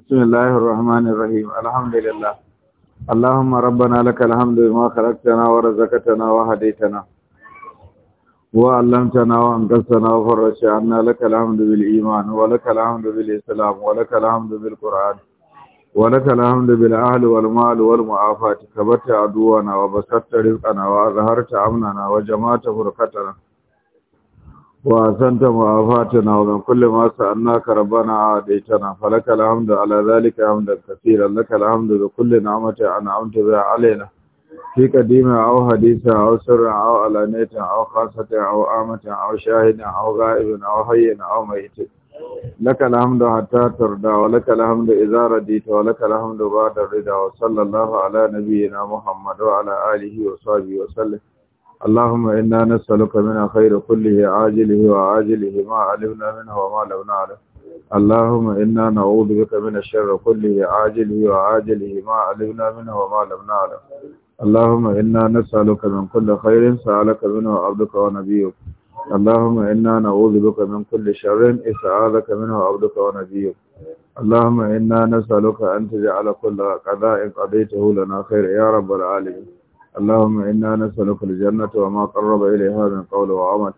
بسم الله الرحمن الرحيم الحمد لله اللهم ربنا لك الحمد بما خلقتنا ورزقتنا وهديتنا وعلمتنا وانقذتنا وفرجت لك الحمد بالإيمان ولك الحمد بالإسلام ولك الحمد بالقرآن ولك الحمد بالأهل والمال والمعافات كبت عدونا وبسطت رزقنا وأظهرت أمننا وجمعت فرقتنا Wasan ta mu'ababatan aure kullum masu annaka, karbana a adaita na. Kala-kala Hamdu alalalikaya Hamdan tafiya. Kala-kala da kullum na amata ana amta bai halayya da. Shi a au a hausar a au a au a au a au a ga'ibin a hayyana a au mahita. Kala-kala Hamdu a tatar dawa. Kala-kala Hamdu izara ta yi ta kala-kala ba tare da wasu. Sallallahu alaihi wa nabi'u na muhammadu wa su a biyu اللهم إنا نسألك من خير كله عاجله وعاجله ما علمنا منه وما لم نعلم اللهم إنا نعوذ بك من الشر كله عاجله وعاجله ما علمنا منه وما لم نعلم اللهم إنا نسألك من كل خير سألك منه عبدك ونبيك اللهم إنا نعوذ بك من كل شر استعاذك منه عبدك ونبيك اللهم إنا نسألك أن تجعل كل قضاء قضيته لنا خير يا رب العالمين اللهم إنا نسألك الجنة وما قرب إليها من قول وعمل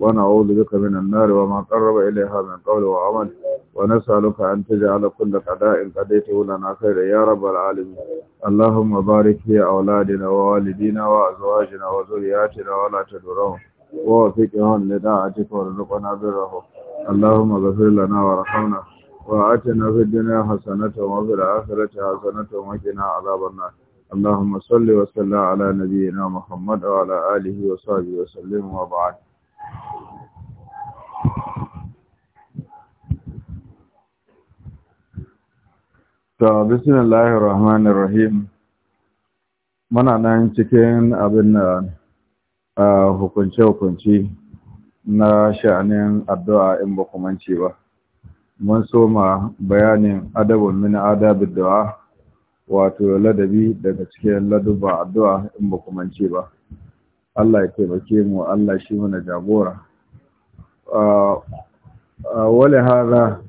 ونعوذ بك من النار وما قرب إليها من قول وعمل ونسألك أن تجعل كل قضاء قضيته لنا خير يا رب العالمين اللهم بارك في أولادنا ووالدينا وأزواجنا وذرياتنا ولا تدرهم ووفقهم لطاعتك وارزقنا برهم اللهم اغفر لنا وارحمنا وآتنا في الدنيا حسنة وفي الآخرة حسنة وقنا عذاب النار اللهم صل وسلم على نبينا محمد وعلى اله وصحبه وسلم وبعد بسم الله الرحمن الرحيم muna nan cikin abin da hukunce hukunci na sha'anin addu'a in ba kumanci ba mun soma bayanin adabin mini adabin da'a wato ladabi daga cikin laduba addu'a in ba kumance ba Allah ya taimake mu Allah shi mana jagora wale hada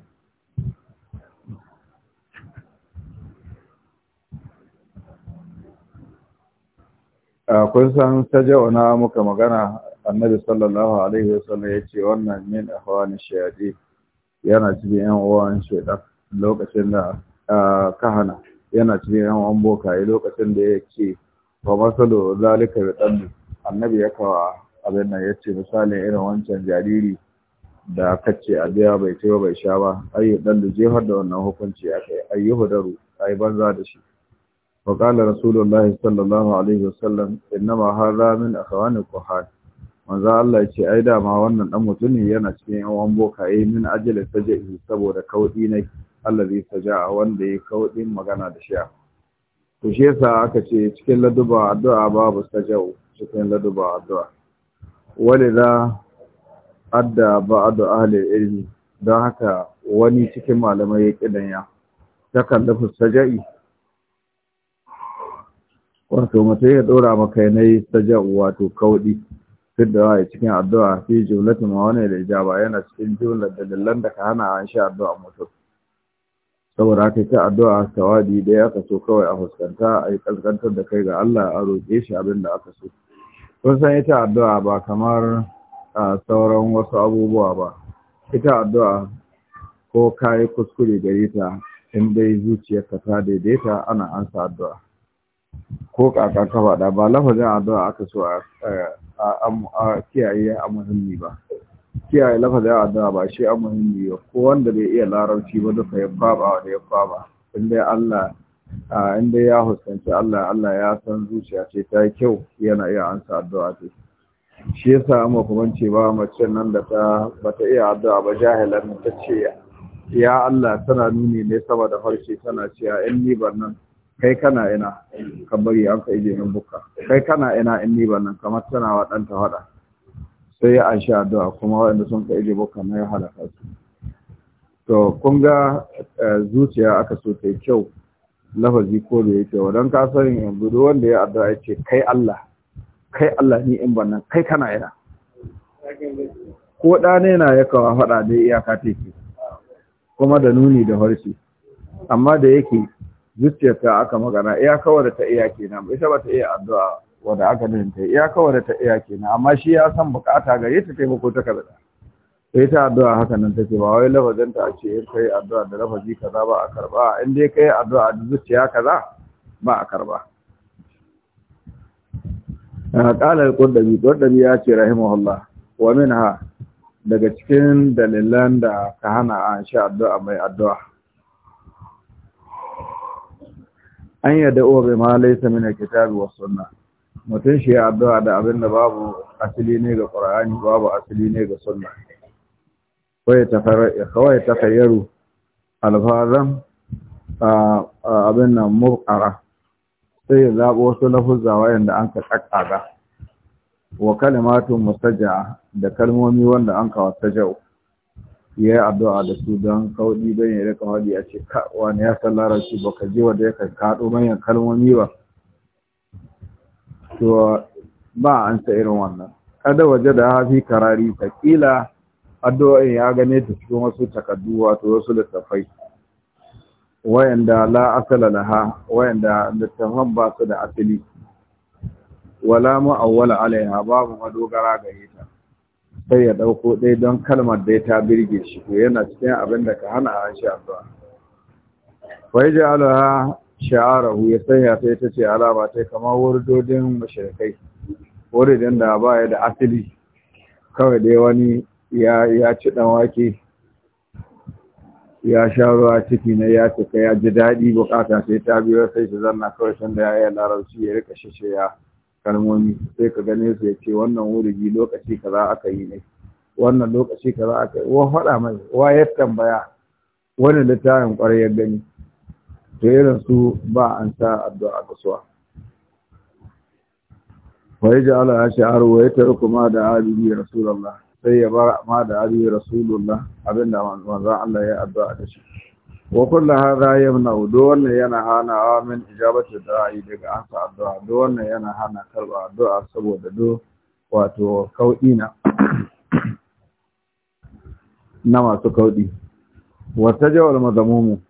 kun san na muka magana annabi sallallahu alaihi wasallam ya ce wannan min ahwani shayadi yana cikin yan uwan shaidan lokacin da kahana yana cikin yan wan bokaye lokacin da ya ce ba masalo zalika bi dan annabi ya kawa abin nan ce, misalin irin wancan jariri da ce a biya bai ce bai sha ba ayyu dan da jefar da wannan hukunci kai. ayyuhu daru ai banza da shi وقال رسول الله صلى الله عليه وسلم انما هذا من manzo Allah ya ce ai da ma wannan dan mutumin yana cikin yan yi min ta sajai saboda kaudi nake allazi saja'a wanda ya kaudin magana da shi to shi yasa aka ce cikin laduba addu'a babu saja'u cikin laduba addu'a Wani da adda ba'du ahli ilmi don haka wani cikin malamai ya kidanya ta kallafu saja'i wato mutum ya dora maka yanayi saja'u wato kaudi da ya cikin addu'a fi jumlatin ma wani da ijaba yana cikin jumlar da dillan da ka hana an sha addu'a mutum saboda haka ta addu'a tawadi da aka so kawai a fuskanta a yi kaskantar da kai ga Allah a roƙe shi abin da aka so kun san ita addu'a ba kamar a sauran wasu abubuwa ba ita addu'a ko kayi kuskure gare ta in dai zuciyarka ta daidaita ana ansa addu'a ko kaka ka faɗa ba lafazin addu'a aka so a kiyaye a muhimmi ba kiyaye lafazin addu'a ba shi a muhimmi ba ko wanda bai iya larabci ba duka ya kwaba da ya kwaba inda Allah inda ya huskanci Allah Allah ya san zuciya ce ta kyau yana iya ansa addu'a ce shi yasa amma kuma ce ba mace nan da ta bata iya addu'a ba jahilan ta ce ya Allah tana nuni ne saboda harshe tana cewa in ni nan kai kana ina ka bari an ka ije nan buka kai kana ina in ni nan kamar tana wa ɗanta sai ya anshi addu'a kuma waɗanda sun ka ije na mai halaka su to kun ga eh, zuciya aka so ta kyau lafazi ko da yake wa don ka sani yanzu duk wanda ya addu'a ya ce kai Allah kai Allah ni in bannan kai kana yana ko ɗa ne na ya kawo faɗa dai iyaka take kuma da nuni da harshe amma da yake zuciyarta aka magana iyaka kawar ta iya kenan ita ba ta iya addu'a wanda aka nuhin ta iya kawai da ta iya kenan amma shi ya san bukata gare ta taimako ta kaza sai ta addu'a haka nan take ba wai lafazin ta ce in kai addu'a da lafazi kaza ba a karba in dai kai addu'a da zuciya kaza ba a karba ah, qalar qurdabi qurdabi ya ce rahimahullah wa minha daga cikin dalilan da ka hana a sha addu'a mai addu'a an yadda uwa bai ma laisa mina kitabi wa sunna mutum shi addu'a da abin da babu asali ne ga ƙur'ani babu asali ne ga sunna kawai ta kayyaru alfazan abin nan murƙara sai ya zaɓo wasu lafuzza wayanda an ka ƙaƙƙaga wa kalimatun mustaja da kalmomi wanda an ka tajau ya yi addu'a da su don kauɗi don ya rika wadi a ce wani ya san shi ba ka je wanda ya kaɗo manyan kalmomi ba cewa ba an sa irin wannan kada waje da hafi karari takila addu'o'in ya gane ta cikin wasu takaddu wato wasu littafai wayanda la asala ha, wayanda littafan ba su da asali wala mu'awwala alaiha babu madogara ga ta sai ya ɗauko ɗaya don kalmar da ta birge shi to yana cikin abin da ka hana a shi addu'a wai sha'arahu ya sanya ta ita ce alama ta kama wurdodin mashirkai wuridin da ba ya da asali kawai dai wani ya ci dan wake ya sha ruwa ciki na ya cika ya ji daɗi bukata sai ta biyo sai ta zanna kawai sanda ya yi larabci ya rika shishe ya kalmomi sai ka gane su ya ce wannan wurigi lokaci kaza aka yi ne wannan lokaci kaza aka yi wa faɗa mai wa ya tambaya wani littafin ƙwarai ya gani to su ba an sa addu'a kasuwa wai ja'ala ash'aru wa yatruku ma da abihi rasulullah sai ya bar ma da abihi rasulullah abinda wanzan Allah ya addu'a da shi wa har hadha na do wannan yana hana min da ra'ayi daga sa addu'a do wannan yana hana karba addu'a saboda do wato kaudi na na masu kaudi Wata jawar mazamumu,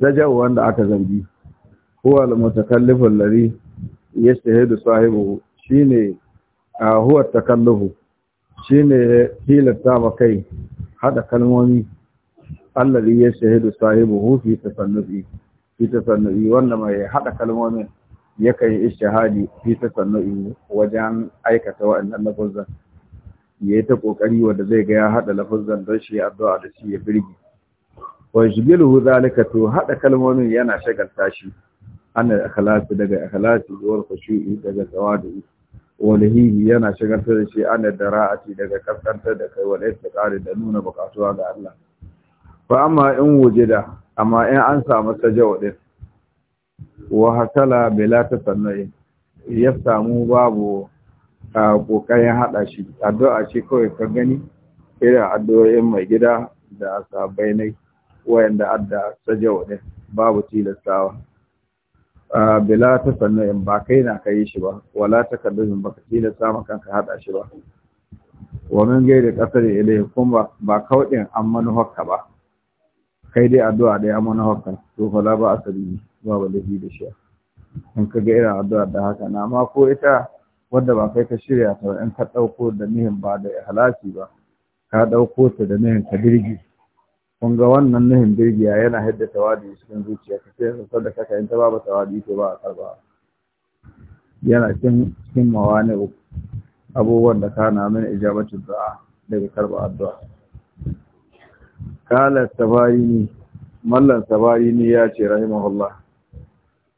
raja'u wanda aka zargi huwa almutakallifu mutakallifu alladhi yashhadu sahibihi shine huwa takallufu shine hilata ma kai hada kalmomi alladhi yashhadu sahibihi fi tasannufi fi tasannufi wanda mai hada kalmomi yakan yi ishahadi fi tasannufi wajen aikata wa'annan lafuzan ya yi ta kokari wanda zai ga ya hada lafuzan don shi addu'a da shi ya birgi wa yashghiluhu zalika to hada kalmomin yana shagalta shi an al daga ikhlasi wa khushu'i daga tawadu wa hihi yana shagalta da shi an dara'ati daga kaskantar da kai wal istiqari da nuna bukatuwa ga Allah fa amma in wujida amma in an samu tajawudin wa hasala bila tasannu'i ya samu babu kokarin hada shi addu'a ce kawai ka gani irin addu'o'in mai gida da sahabbai nai wayanda adda sajawa din babu tilastawa bila ta in ba kai na kai shi ba wala ta kallon ba ka tilasta ma kanka hada shi ba wa min gaida kasar ilai kuma ba kaudin an manuhakka ba kai dai addu'a dai amman manuhakka to fa ba asali babu lafi da shi in ka ga irin addu'a da haka na ma ko ita wanda ba kai ka shirya ta in ka ɗauko da nihin ba da ihlasi ba ka ɗauko ta da nihin ka dirgi kun ga wannan nuhin birgiya yana haddasa tawadi cikin zuciya ka sai sassan da kaka in ta babu tawadi to ba a karba yana cikin cikin mawani abubuwan da kana min ijabatu du'a daga karba addu'a kala ni mallan ni ya ce rahimahullah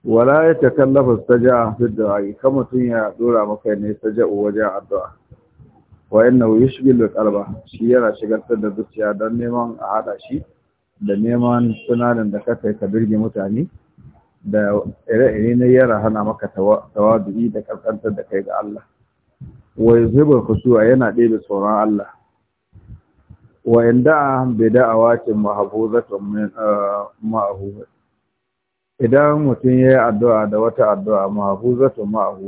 wala ya takallafa saja'a fi du'a kamar tun ya dora maka ne saja'u wajen addu'a wa innahu yushghilu qalba shi yana shigartar da zuciya don neman a hada shi da neman tunanin da kake ka birge mutane da ire-ire ne yara hana maka tawadu'i da karkantar da kai ga Allah wa yuzhibu khushu'a yana ɗebe tsoron Allah wa inda da mahbuzatun min ah, ma'huzat idan mutum ya yi addu'a da wata addu'a ma hu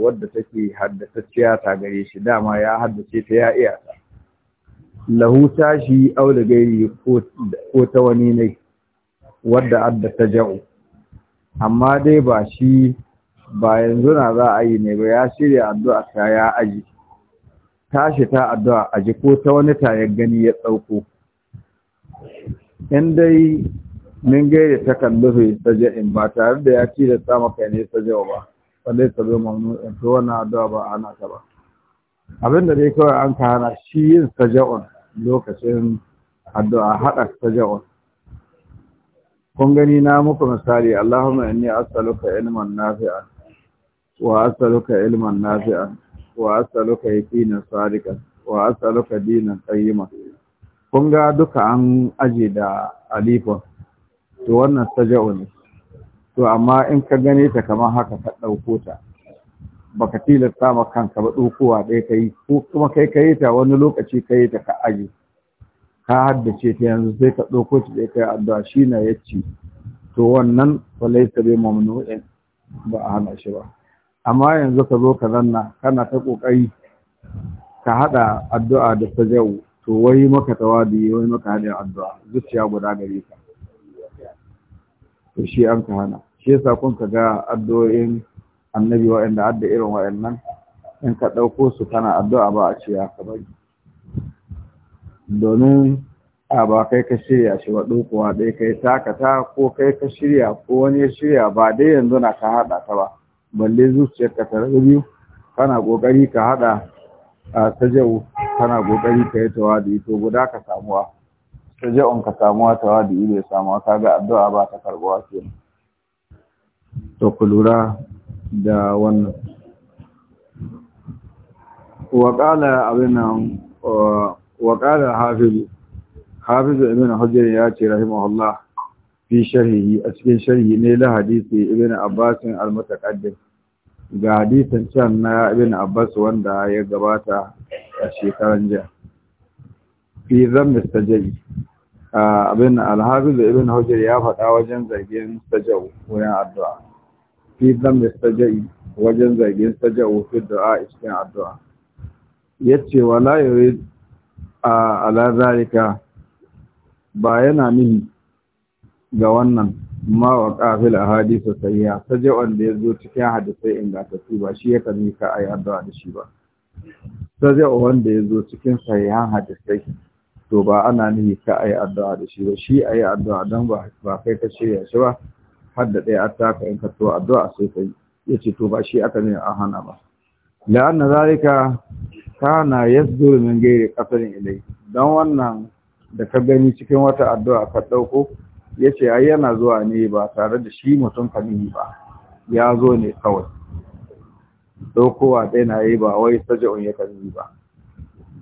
wadda take haddasa ta gare shi dama ya haddace ta ya iya ta lahu tashi da gairi ko ta wani ne wadda adda ta ja'u amma dai ba shi ba yanzu na za a yi ne ba ya shirya addu'a ta ya aji tashi ta addu'a aji ko ta wani ta ya gani ya ɗauko in dai min gaire ta jain ba tare da ya ci da sa maka ne saja'u ba balle ta zo in to wani addu'a ba ana ta ba abin da dai kawai an kana shi yin saja'un lokacin addu'a hada saja'un kun gani na muku misali Allahumma inni as'aluka ilman nafi'a wa as'aluka ilman nafi'a wa as'aluka yaqinan sadiqan wa as'aluka dinan qayyiman kun ga duka an aje da alifan. to wannan saja'u ne to amma in ka gane ta kamar haka ka ɗauko ta baka tilasta ma kanka ba ɗaukowa ɗaya ka yi ko kuma kai ka yi ta wani lokaci ka yi ta ka aji ka haddace ta yanzu sai ka ɗauko ta ɗaya ka addu'a shi na ya ci to wannan falaisa bai mamnu'in ba a hana shi ba amma yanzu ka zo ka zanna kana ta ƙoƙari ka haɗa addu'a da saja'u to wai maka tawadi wai maka haɗin addu'a zuciya guda gare ka to shi an ka hana shi yasa kun ka ga addu'o'in annabi wa'anda adda irin wa'annan in ka ɗauko su kana addu'a ba a ce ya ka bari domin a ba kai ka shirya shi wa ɗaukowa dai kai takata ko kai ka shirya ko wani ya shirya ba dai yanzu na ka haɗa ta ba balle zuciyar ka tare biyu kana ƙoƙari ka haɗa a sajau kana kokari ka yi tawadi to guda ka samuwa raja'un ka samu da samuwa tawadi bai samuwa ga addu'a ba ta karbuwa kenan to ku lura da wannan wa qala abin wa qala hafiz hafiz ibn hujr ya ce rahimahullah fi sharhi a cikin sharhi ne la hadisi ibn abbas al-mutaqaddim ga hadisan can na ibn abbas wanda ya gabata a shekaran jiya fi Mista sajai abin da ibn hajar ya faɗa wajen zargin sajau wurin addu'a fi dhanbi sajai wajen zargin sajau fi du'a cikin addu'a yace wala yurid a ala zalika ba yana nihi ga wannan ma wa kafil ahadisu sayya sajau da yazo cikin hadisai ingantattu ba shi ya kani ka ayi addu'a da shi ba sajau wanda yazo cikin sahihan hadisai to ba ana nihi ka yi addu'a da shi ba shi a yi addu'a don ba kai ka shirya shi ba har da ɗaya ka in ka to addu'a sai ka yi yace to ba shi aka ne a hana ba la'anna na ya zuru min ghairi ƙasar ilai dan wannan da ka gani cikin wata addu'a ka ɗauko? yace ai yana zuwa ne ba tare da shi mutum ka kanihi ba ya zo ne kawai daukowa ɗaya na yi ba wai saja'un ya kanihi ba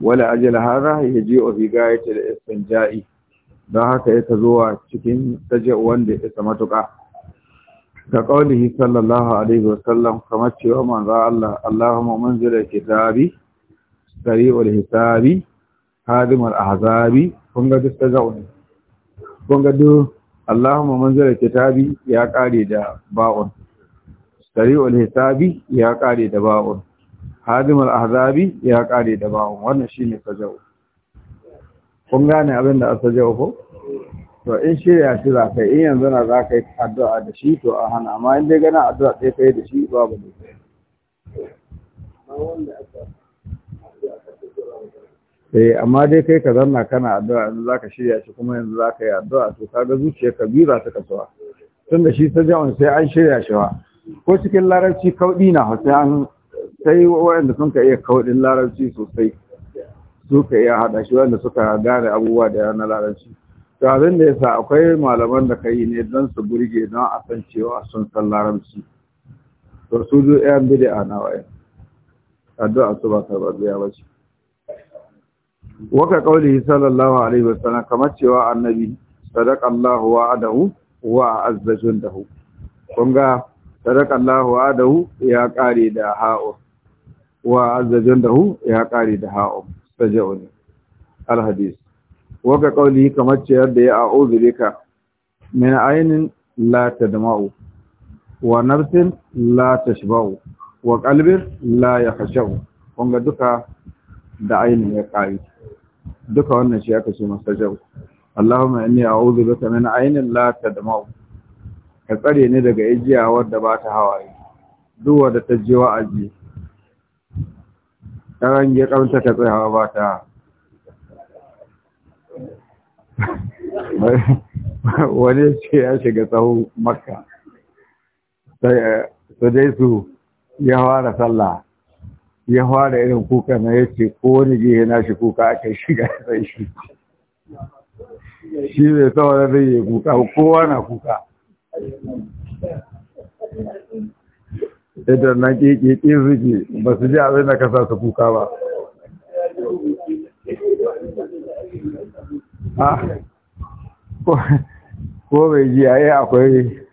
wala ajal hara ya je a riga da istinja'i don haka ya zuwa cikin taje wanda ya isa matuka. ka ƙaunihi sallallahu alaihi wasallam kamar cewa manzo Allah Allahumma manzila kitabi sari'ul hisabi al ahzabi kun ga duk taje kun ga duk Allahumma manzila kitabi ya kare da ba'un sari'ul hisabi ya kare da ba'un al ahzabi ya kare da bawon wannan shine sajau kun gane abin da sajau ko to in shirya shi za kai, in yanzu na za ka yi addu'a da shi to a hana amma in dai gana addu'a sai kai da shi babu ne eh amma dai kai ka zanna kana addu'a yanzu za ka shirya shi kuma yanzu za ka yi addu'a to ka ga zuciya ka biyu za ta kasuwa tun da shi ta jawon sai an shirya shi wa ko cikin larabci kauɗi na hausa an sai wayanda sun ka iya kaudin larabci sosai su ka iya haɗa shi wanda suka gane abubuwa da na larabci to abin da yasa akwai malaman da ka yi ne don su burge don a san cewa sun san larabci to su zo yan a na waye addu'a su ba karbar biya ba ce waka kauli sallallahu alaihi wasallam kamar cewa annabi sadaqa Allah wa'adahu wa azzajun dahu kun ga sadakallahu adahu ya kare da ha'o, wa azzajan dahu ya kare da ha'o. ha'u saja'un alhadis waka kauli kamar ce yadda ya a'udhu bika min aynin la tadma'u wa nafsin la tashba'u wa qalbin la yakhsha'u kunga duka da ainin ya kare duka wannan shi aka ce masajau Allahumma inni a'udhu bika min aynin la tadma'u ka tsare ni daga igiya wadda ba ta hawaye duk wadda ta je wa'azi ɗan ya kamta ka tsayawa ba ta wani ce ya shiga tsawon makka eh, sai dai su ya fara sallah ya fara irin kuka na ya ce kowane jihe na shi kuka aka shiga sai shi shi zai saboda ya yi kuka kowa na kuka idan na ƙeƙe suke ba su ji abin da ka sa su kuka ba. Ah, ko bai ji a yi akwai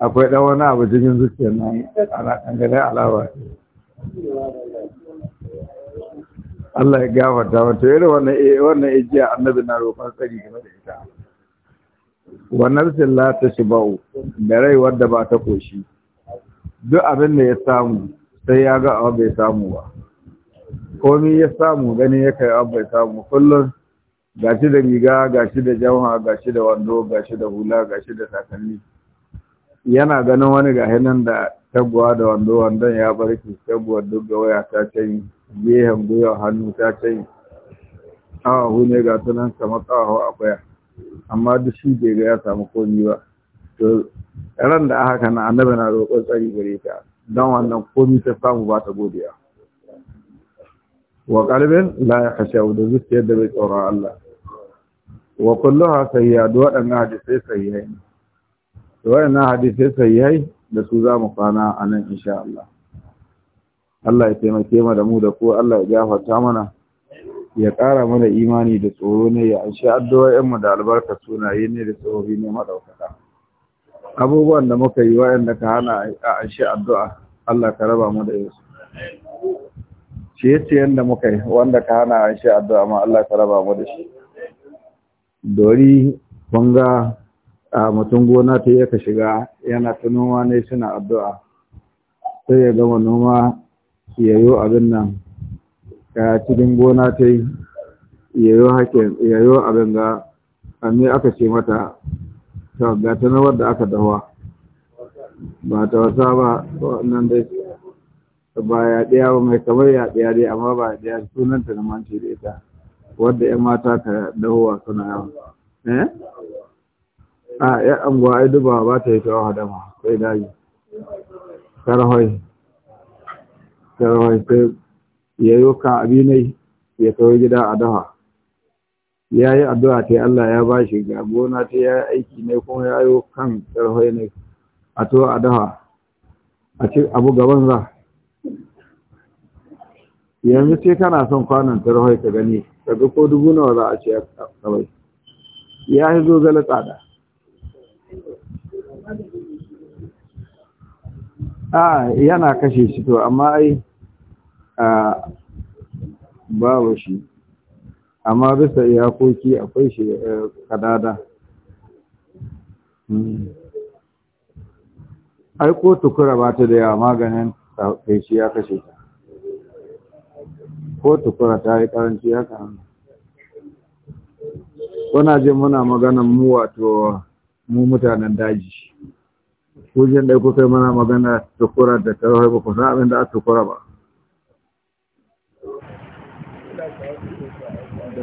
ɗan wani abu cikin zuciyar nan ana ƙangare alawa. Allah ya gafarta wata irin wannan eh, ijiya annabi na roƙon tsari game da ita. wannan nafsin la tashba'u da rai wadda ba ta koshi duk abin da ya samu sai ya ga abu bai samu ba komai ya samu gani ya kai abu bai samu kullum gashi da riga gashi da jama'a gashi da wando gashi da hula gashi da takalmi yana ganin wani ga hannun da taguwa da wando wandon ya shi taguwar duk ga waya ta canyi gehen gwiwa hannu ta canyi ƙawahu ne ga tunan kamar ƙawahu akwai amma duk shi bai ga ya samu komi ba to ran da haka na annabi na roƙon tsari gare ka don wannan komi ta samu ba ta godiya wa qalbin la yakhshaw da zuciyar da bai tsora Allah wa kulluha sayyad waɗannan hadisai sayyai to waɗannan hadisai sayyai da su za mu kwana a nan insha Allah Allah ya taimake mu da mu da ku Allah ya gafarta mana ya ƙara mana imani da tsoro ne ya anshi addu'o'inmu da albarka sunaye ne da tsohobi ne maɗaukaka abubuwan da muka yi waɗanda ka hana a anshi addu'a Allah ka raba mu da yesu ciye-ciyen yadda muka yi wanda ka hana a anshi addu'a ma Allah ka raba mu da shi dori kun ga a mutum gona ta yaka shiga yana ta noma ne suna addu'a sai ya gama noma ya yi abin nan cikin gona ta yi yayo hakin yayo abin ga amma aka ce mata ta ga ta nawar da aka dawa ba ta wasa ba wannan dai ba ya ɗaya ba mai kamar ya ɗaya dai amma ba ya ɗaya sunanta na mance da ita wadda ya mata ka dawowa suna yawa eh a ya anguwa ai duba ba ta yi ta wa ma sai daji karhoi karhoi sai ya yi kan abinai ya kawo gida a dawa. ya yi addu'a ta Allah ya ba shi ga gona ta ya yi aiki ne kuma ya yi kan tsarhoi ne a to a dawa. a ci abu gaban za yanzu ce kana son kwanan tsarhoi ka gani ga ko dubu nawa za a ce kawai ya yi zo zala tsada a yana kashe shi to amma ai a babu shi amma bisa iyakoki akwai shi eh, kadada hmm. ai ko tukura ba ta da yawa maganin kai shi ya kashe ta ko tukura ta yi karanci haka kuna jin muna maganan mu wato mu mutanen daji kujin da kuka yi mana magana tukura da ta ba ku san abin da a tukura ba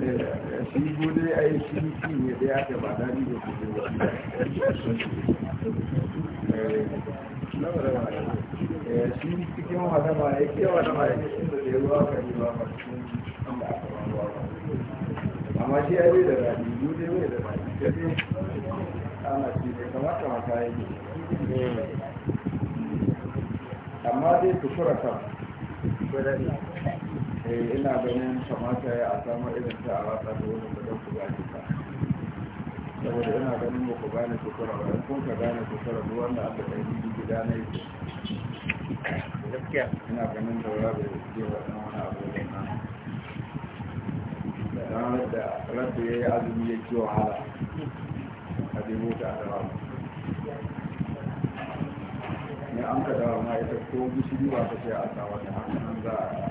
shi gudu a yi shi shi ne da ya ta ba da ni da kudu ba shi cikin wata ba ya ke wata ba ya ke shi da ruwa ka yi ba ba cikin an ba aka ruwa ba amma shi ya yi da daɗi gudu mai da daɗi ta ce ana ce da kamata mata yi amma dai ku fura kan Eh, ina ganin kamata ya a samu irin ta a rasa da wani da ku gane ta saboda ina ganin ba ku gane kusura ba in kun ka gane kusura duk wanda aka ɗan yi gida na yi gaskiya ina ganin da wura bai je wa ɗan wani abu da na da ranar da rabu ya yi azumi ya ci wahala a dubu ta a dawa ne an ka dawa ma ita ko gishiri ba ta ce a sa wata hannun za a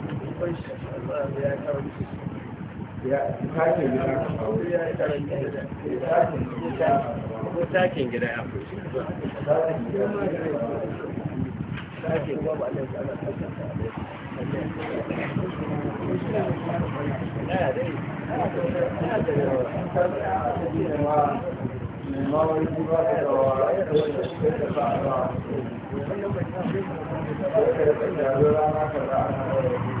takin gida ya fi takin babu alaƙa ana Thank you.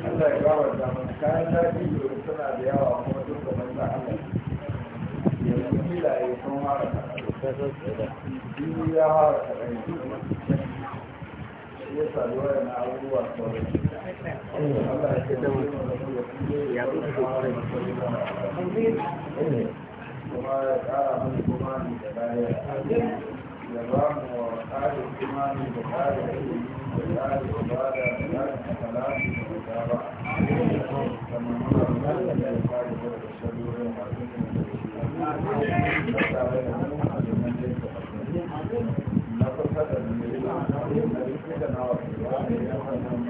Allah ya ba wa zaman kayan suna da yawa kuma duk da manzan Allah yanzu kila yi sun hara biyu ya hara kaɗan shi ya sa da na abubuwa Allah ya ce da wani ya kuma ya ƙara mun kuma da baya da ba mu wa kare imani da kare ilimi da kare ibada da kare masalati da mutaba da mamura da kare da kare da shalurin masu ne da da kare da mu a domin da ya na kusa da mu na rikida na wasu da ya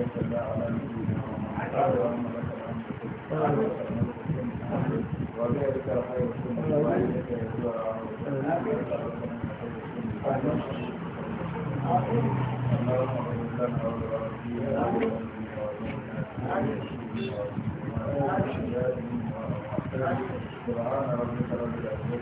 وصلى على نبينا محمد وعلى اله وبارك الخير كله وانك يسوع اللهم صل على سبحان ربك رب العزه